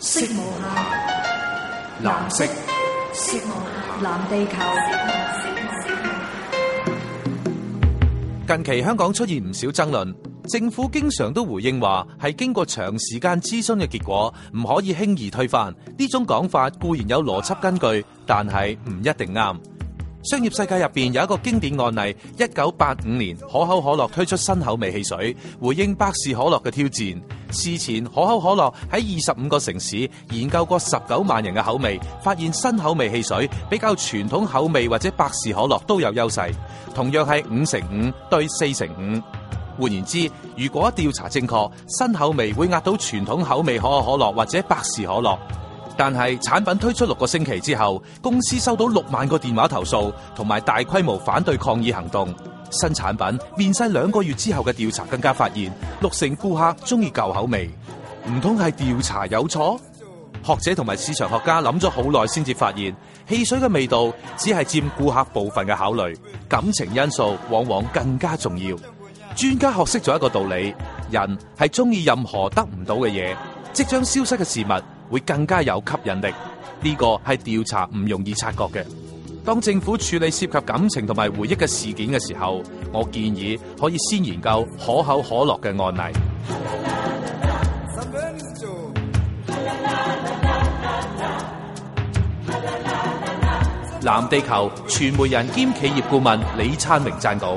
色無限，藍色。色無限，藍地球，藍地球。近期香港出現唔少爭論，政府經常都回應話係經過長時間諮詢嘅結果，唔可以輕易推翻。呢種講法固然有邏輯根據，但係唔一定啱。商業世界入面有一個經典案例：一九八五年，可口可樂推出新口味汽水，回應百事可樂嘅挑戰。事前，可口可樂喺二十五個城市研究過十九萬人嘅口味，發現新口味汽水比較傳統口味或者百事可樂都有優勢，同樣係五成五對四成五。換言之，如果調查正確，新口味會壓到傳統口味可口可樂或者百事可樂。但係產品推出六個星期之後，公司收到六萬個電話投訴，同埋大規模反對抗議行動。新產品面世兩個月之後嘅調查更加發現，六成顧客中意舊口味。唔通係調查有錯？學者同埋市場學家諗咗好耐先至發現，汽水嘅味道只係佔顧客部分嘅考慮，感情因素往往更加重要。專家學識咗一個道理：人係中意任何得唔到嘅嘢，即將消失嘅事物。會更加有吸引力，呢、這個係調查唔容易察覺嘅。當政府處理涉及感情同埋回憶嘅事件嘅時候，我建議可以先研究可口可樂嘅案例。藍 地球傳媒人兼企業顧問李燦榮撰稿：。